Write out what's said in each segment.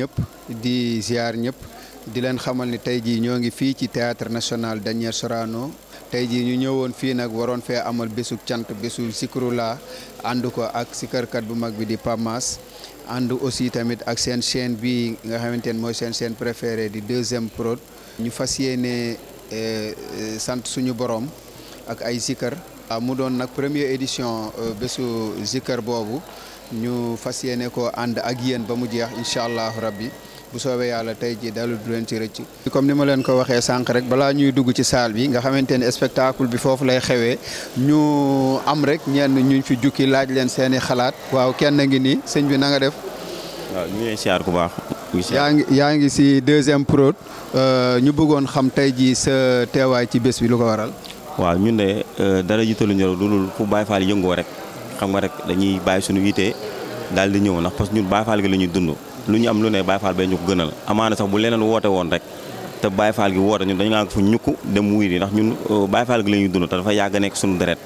ñëpp di ziar ñëpp di leen xamal ni tay ji ñoo ngi ci théâtre national Daniel Sorano tay ji ñu ñëwoon fi nak waroon fe amal besuk cant bésu Zikrulaah ànd ko ak kat bu mag bi di Pamas Andu aussi tamit ak sen chaîne bi nga xamantene moy sen chaîne préférée di deuxième prod ñu fas euh sante suñu borom ak ay sikar ah, mu doon nak première édition euh, zikar bobu ñu fas yéene ko ànd ak yéen ba mu jeex incha allahu rabbi bu soobee yàlla tey jii dalu du leen ci rëcc. comme ni ma leen ko waxee sànq rek balaa ñuy dugg ci saal bi nga xamante ne spectacle bi foofu lay xewee ñu am rek ñenn ñu fi jukki laaj leen seen i xalaat. waaw kenn ngi nii sëñ bi nanga def. waaw ñu baax. yaa ngi yaa ngi si deuxième prod euh, ñu bëggoon xam tey jii sa teewaay ci bés bi lu ko waral. waaw ñun de euh, dara jiitaluñu rek lu dul fu Baay Faal yëngoo rek. xam nga rek dañuy bàyyi suñu yitee daal di ñëw ndax parce que ñun Baye Fall gi la ñuy dund lu ñu am lu ne Baye Fall bee ñu ko gënal amaana sax bu leneen woote woon rek te Baye Fall gi woote ñun dañu naan dem yi ndax ñun euh, Baye Fall ñuy dund te dafa yàgg nekk suñu deret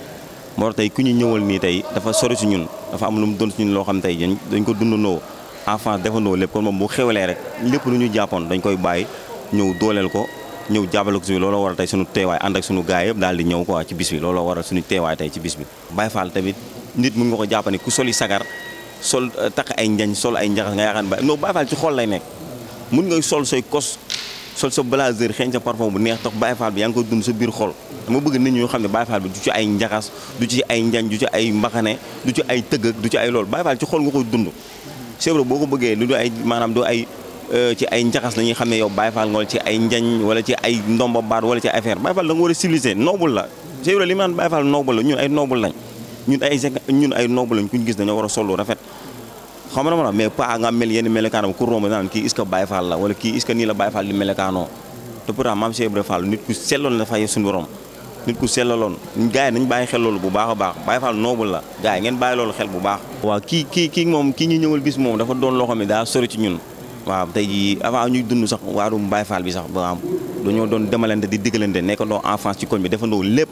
moo tey ku ñu ñëwal nii tey dafa sori si ñun dafa am lu mu doon si loo xam tey dañ ko dundandoo enfance defandoo lépp kon moom bu xewlee rek lépp lu ñu jàppoon dañ koy bàyyi ñëw dooleel ko ñëw jàppale ko si looloo wara tey suñu teewaay ànd ak suñu gaay yëpp daal di ñëw quoi ci bis bi looloo waral suñu teewaay tey ci bis bi Baye Fall nit mun nga ko jàpp ne ku soli sagar sol euh, takk ay njañ sol ay njaxas nga yaakaar ne ba non Baye ci xol lay nekk mun nga sol say kos sol sa blazer xeeñ sa parfum bu neex tax Baye Fall bi yaa ngi ko dund sa biir xol dama bëgg nit ñoo xam ne Baye Fall du ci ay njaxas du ci ay njañ du ci ay mbaxane du ci ay tëgg du ci ay loolu Baye Fall ci xol nga koy dund c'est boo ko bëggee lu du ay maanaam du ay euh, ci ay njaxas lañuy xam ne yow Baye Fall ci ay njañ wala ci ay ndomba baat wala ci affaire Baye Fall da nga war a civiliser noble la c'est vrai li ma naan Baye Fall noble la ñun ay noble lañ ñun ay ñun ay noobu lañ kuñ gis dañoo war a solo rafet xam na ma mais pas nga mel yenn melekaanam ku romb naan kii est-ce que la wala kii est-ce que nii la Baye Fall di melekaanoo te pourtant maam Cheikh Ibra Fall nit ku selloon la loon suñu borom nañ bàyyi xel loolu bu baax a baax Baye Fall noobul la gars yi ngeen bàyyi loolu xel bu baax waaw kii kii kii moom kii ñu ñëwul bis moom dafa doon loo xam ne daa sori ci ñun waaw te jii avant ñuy dund sax waaru Baye Fall bi sax ba dañoo doon demalante di diggalante nekkandoo enfance ci koñ bi defandoo lépp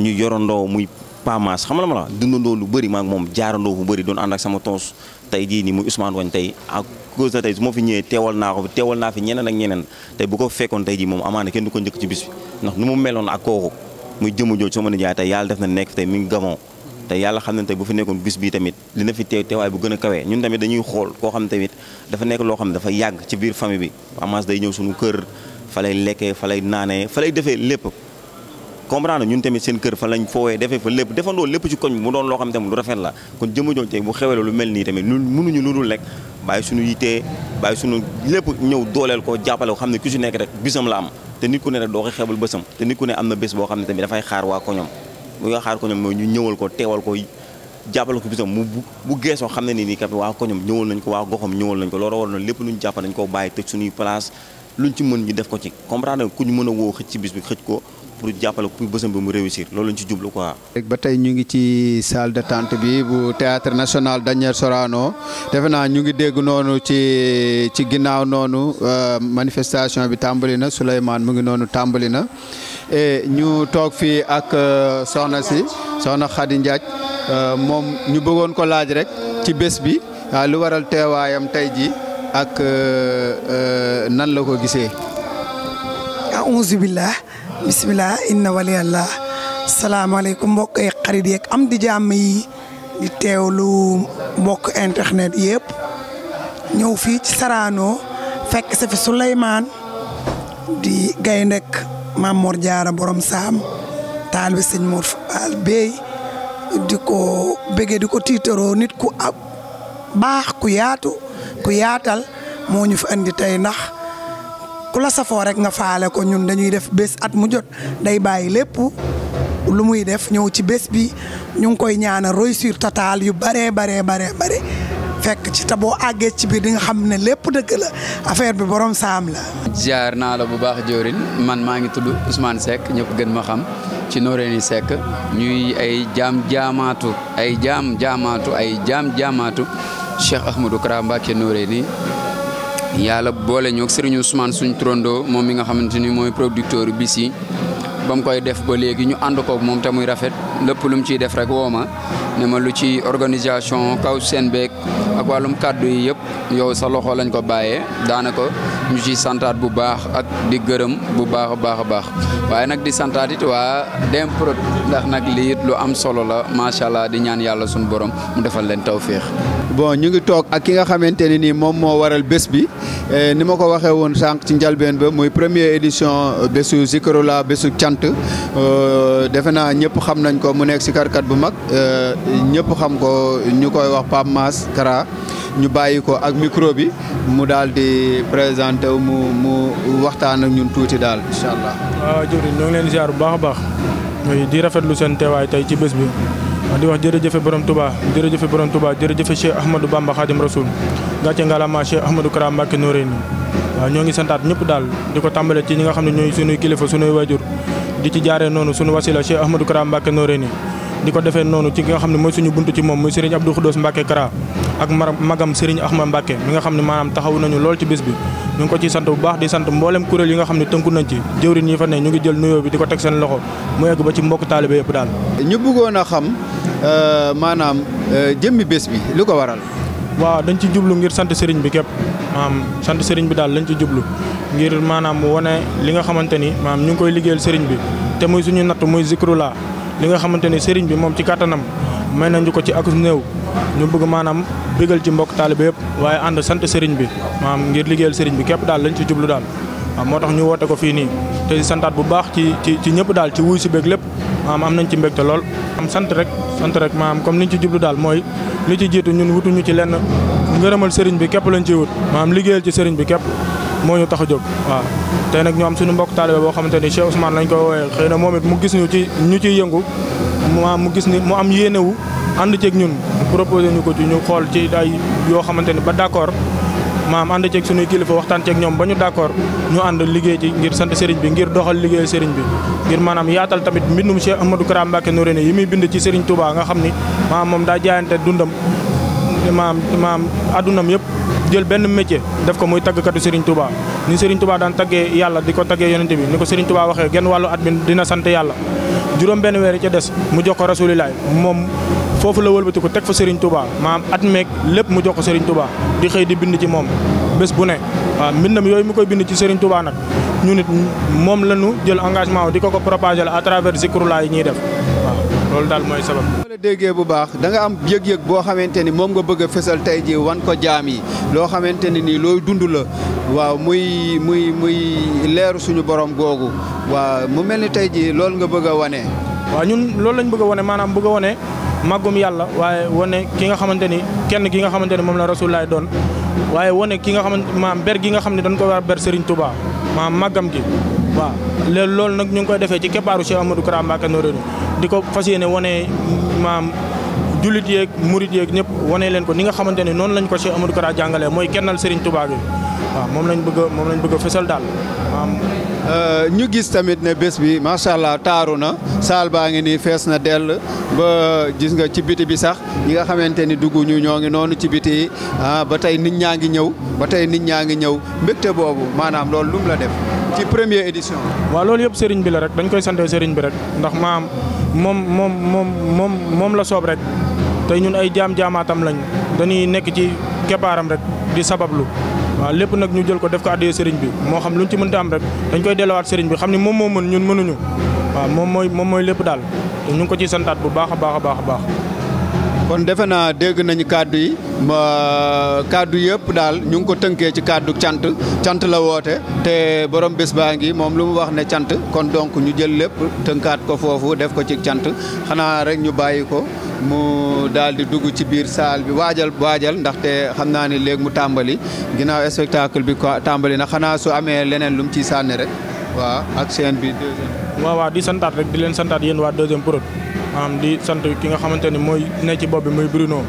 ñu yorandoo muy Pamaas xam la ma la dundandoo lu bëri maa ngi moom jaarandoo bu bëri doon ànd ak sama tons tey jii nii muy Ousmane Wagne tey à cause de tey su ma fi ñëwee teewal naa ko teewal naa fi ñeneen ak ñeneen tey bu ko fekkoon tey jii moom amaana kenn du ko njëkk ci bis bi ndax nu mu meloon ak kooku muy jëmu jooju sama nijaay tey yàlla def na nekk tey mi gamoo tey yàlla xam ne tey bu fi nekkoon bis bii tamit li na fi teewaay bu gën a kawee ñun tamit dañuy xool koo xam ne bi Pamaas day ñëw suñu kër fa lay lekkee fa lay comprendre ñun tamit seen kër fa lañ foowee defee fa lépp defandoo lépp ci koñ bi mu doon loo xam tamit lu rafet la kon jëmm jooju tey bu xewee lu mel nii tamit ñun mënuñu lu dul rek bàyyi suñu yittee bàyyi suñu lépp ñëw dooleel ko jàppale ko xam ne ku si nekk rek bisam la am te nit ku ne rek doo ko xeebal bésam te nit ku ne am na bés boo xam ne tamit dafay xaar waa koñom bu nga xaar koñom mooy ñu ñëwal ko teewal ko jàppale ko bisam mu bu geesoo xam ne nii nii kat waa koñom ñëwal nañ ko waa goxam ñëwal nañ ko loolu war na lépp luñ jàpp dañ ko bàyyi tëj suñuy place lu luñ ci mën ñu def ko ci comprendre nga ku ñu mën a woo xëcc ci bis bi xëcc ko pour jàppale pour bësam bi mu réussir loolu lañ ci jublu quoi. ba tey ñu ngi ci salle tent bi bu théâtre national Daniel Sorano defe naa ñu ngi dégg noonu ci ci ginnaaw noonu euh, manifestation bi tàmbali na Souleymane mu ngi noonu tàmbali na ñu toog fii ak euh, soxna si soxna Khady Ndiaye euh, moom ñu bëggoon ko laaj rek ci bés bi lu waral teewaayam tey ji ak euh, euh, nan la ko gisee. auzu billah bismillah inna waliyallah salaamaaleykum mbokk ay xarit yeeg am di jàmm yi di teewlu mbokk internet yëpp ñëw fii ci saraano fekk sa fi Souleymane di gayndek Maam Mor Jaara borom saam taal bi sëñ Mor Faal Bey di ko bëggee di ko tiitaroo nit ku ab baax ku yaatu. ku yaatal moo ñu fi andi tey ndax ku la safoo rek nga faale ko ñun dañuy def bés at mu jot day bàyyi lépp lu muy def ñëw ci bés bi ñu ngi koy ñaanal réussir total yu baree baree baree bare fekk ci te boo àggee ci biir di nga xam ne lépp dëgg la affaire bi borom saam la. ziar naa la bu baax Diorin man maa ngi tudd usmaan Seck ñëpp gën ma xam ci Noreyni sekk ñuy ay jaam jaamaatu ay jaam jaamaatu ay jaam jaamaatu. Cheikh Ahmadou Kara Mbacké Noreyni yàlla boole ñoo ak Serigne Ousmane suñ trondoo moom mi nga xamante ni mooy producteur bisi ba mu koy def ba léegi ñu ànd koog moom te muy rafet lépp lu mu ciy def rek woo ma ne ma lu ci organisation kaw seen beeg ak wàllum kàddu yi yëpp yow sa loxo lañ ko bàyyee daanaka ñu ciy santaat bu baax ak di gërëm bu baax a baax a baax waaye nag di santaat it waa Dmprod ndax nag lii lu am solo la macha allah di ñaan yàlla suñu borom mu defal leen tawféex. bon ñu ngi toog ak ki nga xamante ni moom moo waral bés bi. Eh, ni ma ko waxee woon sànq ci njalbeen ba muy premier édition euh, bésu Zikroullah bésu cant euh, defe naa ñëpp xam nañ ko mu nekk si karkat bu mag euh, ñëpp xam ko ñu koy wax Pape Mass Kara ñu bàyyi ko ak micro bi mu daal di présenté mu mu waxtaan ak ñun tuuti daal incha allah. waaw ah, jërëjëf ñoo ngi leen ziar bu baax a baax di rafetlu seen teewaay tey ci bés bi di wax jërëjëfe borom tubaa jërëjëfe borom Touba jërëjëfe Cheikh Ahmadou Bamba Khadim Rasoul gàcce ngalama Cheikh Ahmadou Kara Mbacké Noreyni waaw ñoo ngi santaat ñëpp daal di ko tàmbale ci ñi nga xam ne ñooy sunuy kilifa sunuy waajur di ci jaaree noonu sunu wasila Cheikh Ahmadou Kara Mbacké Noreyni di ko defee noonu ci nga xam ne mooy suñu buntu ci moom muy Serigne Abdou Khoudoss Mbacké Kara ak magam Serigne Ahmad Mbacké mi nga xam ne maanaam taxawu nañu lool ci bés bi ñu ngi ko ciy sant bu baax di sant mboolem kuréel yi nga xam ne tënku nañ ci jëwriñ yi fa ne ñu ngi jël nuyoo bi di ko a xam euh, maanaam euh, jëmmi bi lu ko waral waaw dañ ci jublu ngir sant sëriñ bi képp maam sant sëriñ bi daal lañ ci jublu ngir maanaam wane li nga xamante ni maam ñu ngi koy liggéeyal sëriñ bi te muy suñu natt muy zikrulaa li nga xamante ni sëriñ bi moom ci kàttanam may nañu ko ci ak néew ñu bëgg maanaam bégal ci mbokk taalibe yëpp waaye ànd sant sëriñ bi maam ngir liggéeyal sëriñ bi képp daal lañ ci jublu daal waaw moo tax ñu woote ko fii nii te santaat bu baax ci ci ci ñëpp daal ci wuy si beeg lépp maam am nañ ci te lool. am sant rek sant rek maam comme niñ ci jublu daal mooy li ci jiitu ñun wutuñu ci lenn ngërëmal sëriñ bi képp lañ ciy wut maam liggéeyal ci sëriñ bi képp moo ñu tax a jóg waaw. te nag ñu am suñu mbokk taalibe boo xamante ni Cheikh Ousmane lañ ko woowee xëy na moom it mu gis ñu ci ñu ciy yëngu maam mu gis ni mu am yéene wu ànd ceeg ñun proposé ñu ko ci ñu xool ci ay yoo xamante ni ba d'accord maam ànd ceeg suñuy kilifa waxtaan ceeg ñoom ba ñu d'accord ñu ànd liggéey ci ngir sant sëriñ bi ngir doxal liggéey sëriñ bi ngir maanaam yaatal tamit mbindum Cheikh Amadou Kara Mbacké Noreyni yi muy bind ci sëriñ Touba nga xam ni maam moom daa jaayante dundam maam maam addunam yëpp jël benn métier def ko muy taggkatu Serigne Touba ni Serigne Touba daan taggee yàlla di ko taggee yonent bi ni ko Serigne Touba waxee genn wàllu at bi dina sant yàlla juróom benn weer yi des mu jox ko rasulilaay foofu la wëlbati ko teg fa Serigne Touba maam at meeg lépp mu jox ko Serigne Touba di xëy di bind ci moom bés bu ne waaw mbindam yooyu mu koy bind ci Serigne Touba nag ñu nit moom la ñu jël engagement di ko ko propager la à travers Zikrullah yi ñuy def loolu daal mooy sabab. boo la déggee bu baax da nga am yëg-yëg boo xamante ni moom nga bëgg a tey jii wan ko jaam yi loo xamante ni nii looy dund la waaw muy muy muy leeru suñu borom googu waa mu mel ni tey jii loolu nga bëgg a wane. waaw ñun loolu lañ bëgg a wone maanaam bëgg a wone màggum yàlla waaye wone ki nga xamante ni kenn gi nga xamante ni moom la rasulaay doon waaye wone ki nga xamante maam ber gi nga xam ne ko war a ber Serigne Touba maam màggam gi waaw léegi loolu nag ñu ngi koy defee ci keppaaru Cheikh Amadou Kara Mbacké Noreyni di ko fas yéene wone maam jullit yeeg murit yeeg ñëpp wone leen ko ni nga xamante ne noonu lañ ko Cheikh Amadou Kara jàngalee mooy kennal Serigne Touba waaw moom lañ bëgg moom lañ bëgg a fësal daal euh, ñu gis tamit ne bés bi macha allah taaru na saal baa ngi nii fees na dell ba gis nga ci biti bi sax ñi nga xamante ni dugg ñu ñoo ngi noonu ci biti yi ah, ba tey nit ñaa ngi ñëw ba tey nit ñaa ngi ñëw mbégte boobu maanaam lool lum la def ci premier édition. waa loolu yëpp sëriñ bi la rek dañ koy sant sëriñ bi rek ndax maam moom moom moom moom moom la soob rek tey ñun ay jaam jaamaatam lañ dañuy nekk ci keppaaram rek di sabablu. waaw lépp nag ñu jël ko def ko addiyee sëriñ bi moo xam lu ñu ci mënta am rek dañ koy delluwaat sëriñ bi xam ni moom moo mën ñun mënuñu waaw moom mooy moom mooy lépp daal ñu ngi ko ciy santaat bu baax a baax baax a baax kon defe naa dégg nañu kàddu yi kaddu yëpp daal ñu ngi ko tënkee ci kaddu cant cant la woote te borom bés baa ngi moom lu mu wax ne cant kon donc ñu jël lépp tënkaat ko foofu def ko ci cant xanaa rek ñu bàyyi ko mu daal di dugg ci biir saal bi waajal waajal ndaxte xam naa ni léegi mu tàmbali ginnaaw spectacle bi ko tàmbali na xanaa su amee leneen lu mu ciy sànni rek waaw ak chaîne bi deuxième. waaw waaw di santaat rek di leen santaat yéen waa deuxième prod am di sant ki nga xamanteni moy ne ci bobbi moy Bruno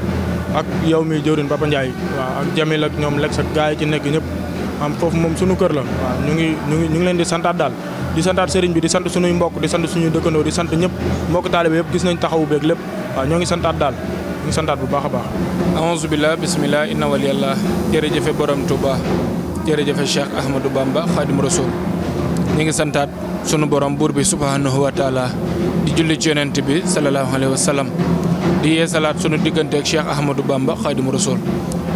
ak yow mi jëwrin Papa Ndiaye wa ak Jamil ak ñom Lex ak gaay ci nekk ñep am fofu mom sunu kër la wa ñu ngi ñu ngi ñu ngi leen di santat Dal. di santat serigne bi di sant suñu mbokk di sant suñu dëkkandoo di sant ñep mbokk talib yeb gis nañ taxawu beek lepp wa ñu ngi santat dal ñu santat bu baaxa baax aouzu billah bismillah inna waliyallah jërëjëfe borom Touba jërëjëfe Cheikh Ahmadou Bamba Khadim Rasoul ñi ngi santat sunu borom bur bi subhanahu wa taala di julli ci yonent bi sallallahu Alaihi Wasallam, di yeesalaat sunu diggante ak Cheikh Ahmadou Bamba khadim Rasuul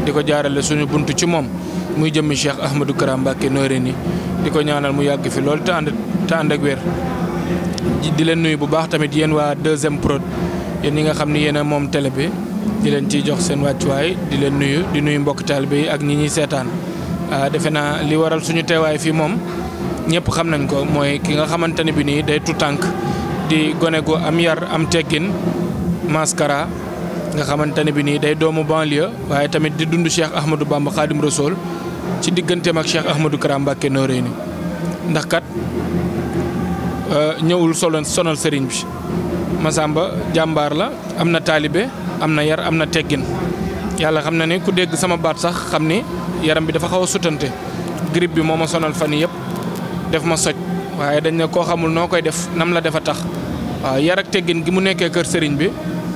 di ko jaarale sunu buntu ci mom muy jëm Cheikh Ahmadou Kara Mbacké Noreyni di ko ñaanal mu yagg fi lol ak wer di len nuyu bu baax tamit yeen wa deuxième Prod yeen yi nga xamni yeen mom tele bi di len ci jox waccu way di len nuyu di nuyu mbok talbi yi ak ñi ñuy seetaan ah, defe li waral suñu teway fi mom ñepp xam nañ ko moy ki nga xamanteni bi ni day tu tank di goné go am yar am teggin maskara nga xamantani bi ni day doomu banlieue waye tamit di dundu cheikh ahmadou bamba khadim rasoul ci digënté mak cheikh ahmadou karam bakke reyni ndax kat euh, ñewul solon sonal serigne bi masamba jambar la amna talibé amna yar amna teggin yalla xamna ne ku dégg sama baat sax xamni yaram bi dafa xaw sutante grip bi moma sonal fani yépp def ma soj waye dañ ne ko xamul nokoy def nam la defa tax waaw yar ak teggin gi mu nekkee kër sëriñ bi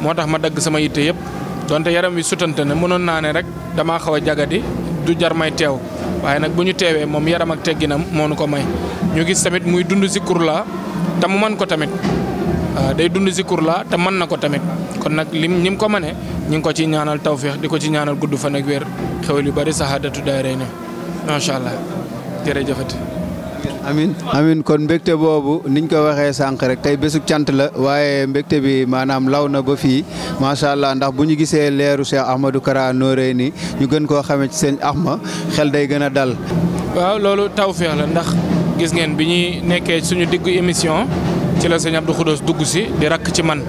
moo tax ma dagg sama yitte yëpp donte yaram wi sutante ne mënoon naa ne rek damaa xaw a jagadi du jar may teew waaye nag bu ñu teewee moom yaram ak tegginam moo nu ko may ñu gis tamit muy dund si laa te mu mën ko tamit day dund zikur laa te mën na ko tamit kon nag lim ni ko mënee ñu ngi ko ci ñaanal tawféex di ko ci ñaanal gudd fan ak weer xewal yu bari saxaadatu daayira ne macha allah jërëjëfati amin amin kon mbégte boobu niñ ko waxee sànq rek tey bésu cant la waaye mbégte bi maanaam law na ba fii macha allah ndax bu ñu gisee leeru Cheikh Ahmadou Kara nooree ñu gën koo xamee ci seen Ahma xel day gën a dal. waaw loolu tawféex la ndax gis ngeen bi ñuy nekkee suñu diggu émission ci la sëñ du Khoudous dugg si di rakk ci man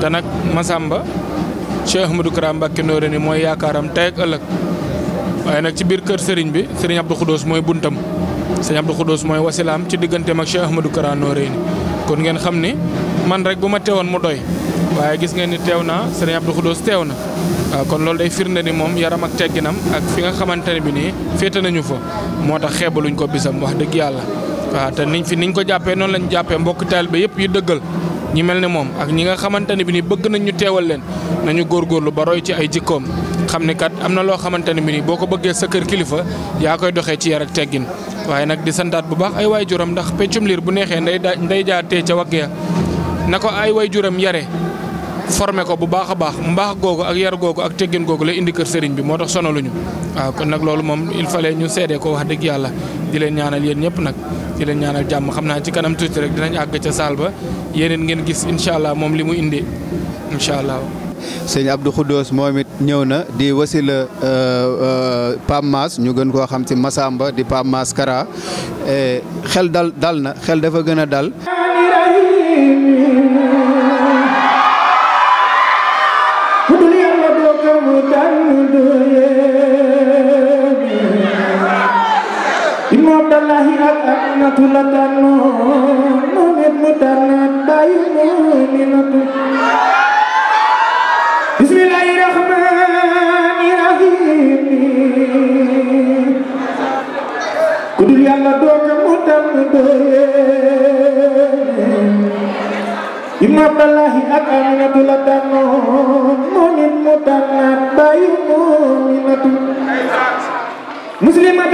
te nag Massamba Cheikh Ahmadou Kara Mbacké mooy yaakaaram tey ak ëllëg waaye nag ci biir kër sëriñ bi Serigne Abdou Khoudous mooy buntam. sëñ Abdou Khoudous mooy wasilaam ci digganteem ak Cheikh Ahmadou Kara Noreyni kon ngeen xam ni man rek bu ma teewoon mu doy waaye gis ngeen ni teew naa sëñ Abdou Khoudous teew na waaw kon loolu day firnde ni moom yaram ak tegginam ak fi nga xamante ne bi nii féete nañu fa moo tax xeebaluñ ko bisam wax dëgg yàlla waaw te niñ fi niñ ko jàppee noonu lañu jàppee mbokk taalibe yëpp yu dëggal ñi mel ne moom ak ñi nga xamante ne bi nii bëgg nañ ñu teewal leen nañu góorgóorlu ba roy ci ay jikkoom xamni ne kat amna lo xamanteni mini boko beugé sa kër kilifa ya koy doxé ci yar ak téggin nak di santat bu baax ay wayjuram juram ndax peccum lire bu nexé ndey ndey jaar té ci ya Nako ay wayjuram juram formé ko bu baaxa baax mbax gogo ak yar gogo ak téggin gogo la indi kër sëriñ bi moo tax sonaluñu waaw kon nak loolu mom il fallait ñu sédé ko wax dëgg yalla di leen ñaanal yeen ñëpp nak di leen ñaanal jamm xamna ci kanam tuuti rek dinañ ag ci salle ba ngeen gis inshallah allah limu indi inshallah allah sëñ Abdou Khoudous moom it ñëw na di wasila euh, euh, Pam ñu gën koo xam ci Masamba di Pam Kara e, xel dal dal na xel dafa gën a dal. نابلة مؤمن متنبئ مؤمنة مسلمة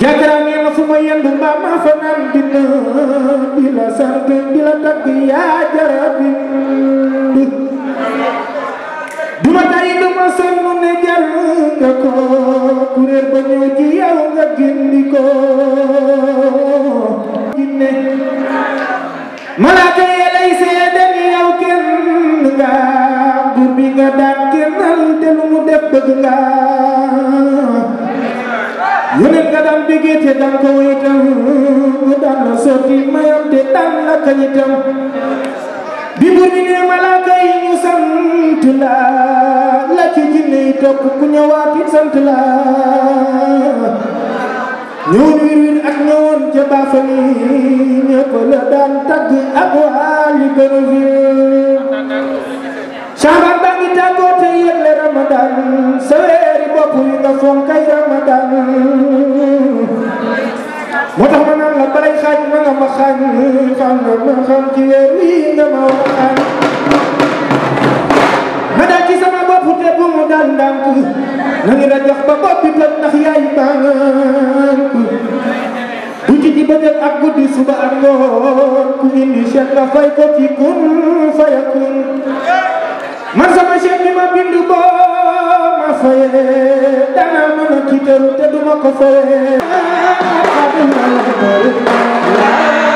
jàkkaarloo nee na fu ma yendu mbaa maa fa naan dina di la sant di la tagg yaa jara bind du ma tàyyi du ma ne jàll nga ko kuréel ba ñëw ci yow nga gindi bi nga daan kennal te lu mu def bëgg nga yónneen nga daan bëggee te daan ko wéetal mu daan la sotti mayam te daan la kañitam bi bur bi ne malaaka yi ñu sant la la ci jinne yi topp ku ñëwaati sant la ñëwoon wir wir ak ñëwoon ca baafani ñëpp la daan tagg ak waa li gën a ramadan sa weeri bopp yi nga fonkay ramadan motax tax la balay xaj ma nga ma xaj xam na ma xam ci weer na ma waxaan ma ci sama bopu te bu mu ku ndànk ngi la jox ba bopp bi tëj yaay ba bu ci di bëgg ak guddi suba ak ngoon ku indi cheikh nga fay ko ci kun fayakun man sama cheikh bi ma bind boo ma fayee danaa mën a tiitaru te du ma ko fayee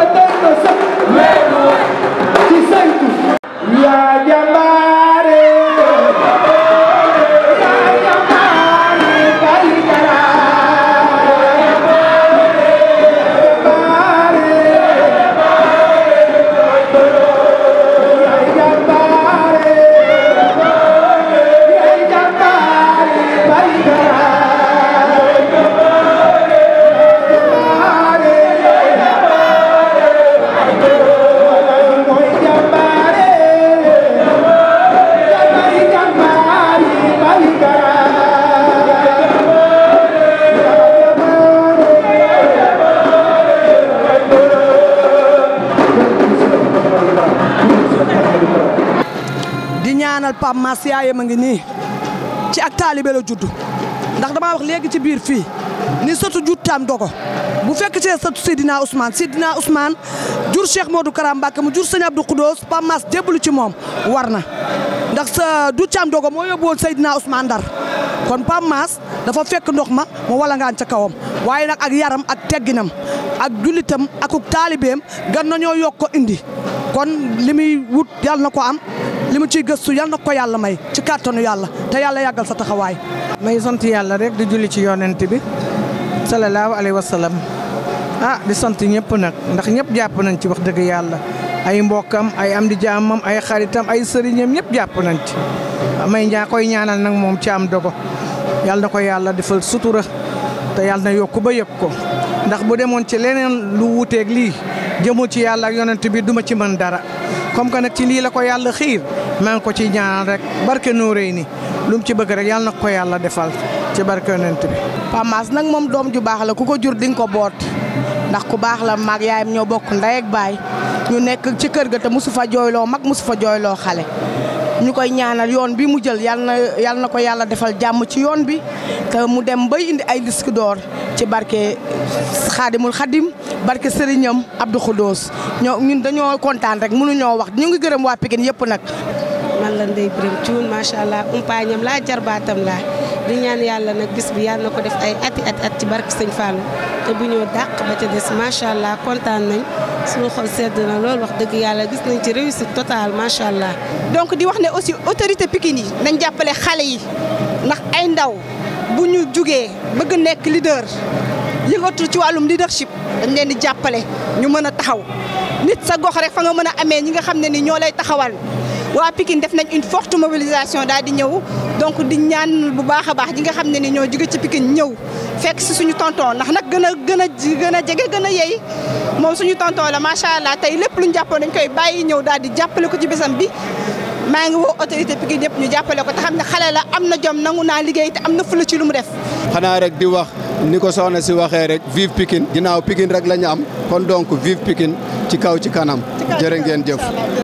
que yaayam ma ngi ni ci ak talibé la juddou ndax dama wax légui ci biir fi ni sotu juttam dogo bu fekk ci sotu Sidina Ousmane Sidina Ousmane jur Cheikh Modou Karam bakka mu jur seigne Abdou khodous pa Mass deblu ci mom warna ndax sa duttam dogo mo yóbbu sidina Ousmane kon pa Mass dafa fekk ndox ma wala nga ci kawam waye nak ak yaram ak tegginam ak jullitam ak talibem gan naño yokko indi kon limi wut yàlla nako am li mu ciy gëstu yal na ko yàlla may ci kàttanu yàlla te yàlla yàggal sa taxawaay. may sant yàlla rek di julli ci yonent bi sallallahu alayhi wa sallam ah di sant ñëpp nag ndax ñëpp jàpp nañ ci wax dëgg yàlla ay mbokkam ay am di jaamam ay xaritam ay sëriñam ñëpp jàpp nañ ci may ñaa koy ñaanal nag moom ci am dogo yàlla na ko yàlla defal sutura te yàlla na yokku ba yëg ko ndax bu demoon ci leneen lu wuuteeg lii jëmul ci yàlla ak yonent bi duma ci mën dara comme que nag ci lii la ko yàlla xiir maa ngi ko ci ñaanal rek barke nóoréy ni lu mu ci bëgg rek yàlla na ko yàlla defal ci barke yonent bi Pamaas nag moom doom ju baax la ku ko jur di nga ko boot ndax ku baax la mag yaayam ñoo bokk ndey ak baay ñu nekk ci kër ga te mosu jooyloo mag mosu jooyloo xale ñu koy ñaanal yoon bi mu jël yal na yal na ko yàlla defal jàmm ci yoon bi te mu dem bay indi ay disque d'or ci barke xaadimul xadim barke sëriñam Abdou Khoudous ñoo ñun dañoo kontaan rek mënuñoo wax ñu ngi gërëm waa Pikine yëpp nag. man la Ndeye Birame Thioune macha allah umpaañam laa jarbaatam laa. di ñaan yàlla nag bis bi yàlla na ko def ay ati ati at ci barke sëñ Fallou te bu ñëw dàq ba ca des macha allah kontaan nañ suñu xol sedd na lool wax dëgg yàlla gis nañ ci réussite totale macha allah. donc di wax ne aussi autorité Pikine yi nañ jàppale xale yi ndax ay ndaw bu ñu jugee bëgg nekk leader yëngatu ci wàllum di leadership dañ leen di jàppale ñu mën a taxaw nit sa gox rek fa nga mën a amee ñi nga xam ne ni ñoo lay taxawal. waa pikin def nañ une forte mobilisation daal di ñëw donc di ñaan bu baax a baax ñi nga xam ne ni ñoo jóge ci Pikine ñëw fekk si suñu tonton ndax nag gën a gën a gën a jege gën a yey moom suñu tonton la macha allah tey lépp lu ñu jàppoon dañ koy bàyyi ñëw daal di jàppale ko ci bésam bi. maa ngi woo autorité Pikine yëpp ñu jàppale ko te xam ne xale la am na jom nangu naa liggéey te am na fula ci lu mu def. xanaa rek di wax ni ko soxna si waxee rek vive Pikine ginnaaw Pikine rek la ñu am kon donc vive Pikine ci kaw ci kanam. jërë ngeen jëf.